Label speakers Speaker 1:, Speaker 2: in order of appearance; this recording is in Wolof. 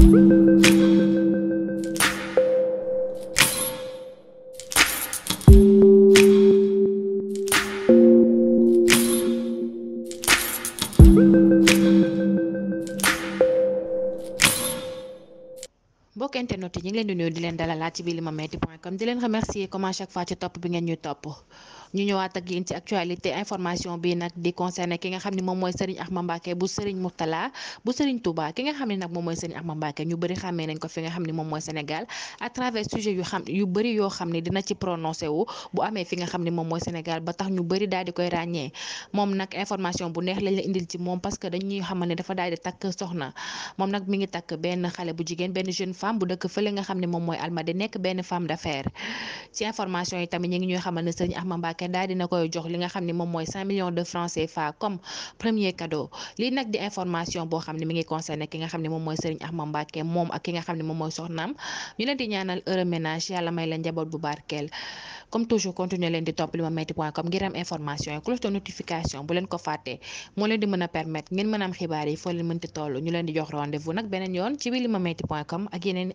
Speaker 1: mbokk internet yi ñu ngi leen di nuyu di leen dalalaa ci bi lima metti point comme di leen remercier comme à chaque fois ci topp bi ngeen ñuy topp ñu ñëwaat ak yéen ci actualité information bi nag di concerné ki nga xam ne moom mooy Serigne Ahma Mbacké bu Serigne Mourtala bu Serigne Touba ki nga xam ne nag moom mooy Serigne Ahma Mbacké ñu bëri xàmmee nañ ko fi nga moom mooy Sénégal à travers sujet bëri yoo xam ne dina ci prononcé wu bu fi nga xam ne moom mooy Sénégal ba tax ñu bëri daal di koy ràññee moom nag information bu neex lañ la ci moom parce que dañuy xamal ne dafa daal di takk soxna moom nag mi ngi takk benn xale bu jigéen benn jeune femme bu dëkk fële nga ne moom mooy Almadi nekk benn femme d'affaires ci information yi tamit ñu ngi ñuy xamal ne Serigne Ahma Mbacké daal dina koy jox li nga xam ne moom mooy 5 millions de francs CFA comme premier cadeau lii nag di information boo xam ne mi ngi concerné ki nga xam ne moom mooy Serigne Ahmad Mbacké moom ak ki nga xam ne moom mooy soxnaam ñu leen di ñaanal heureux ménage yàlla may leen njaboot bu barkeel comme toujours continuer leen di topp limametti.com ngir am information yi cloche de notification bu leen ko fàttee moo leen di mën a permettre ngeen mën a am xibaar yi foo leen mënti toll ñu leen di jox rendez-vous nag beneen yoon ci bi limametti.com ak yeneen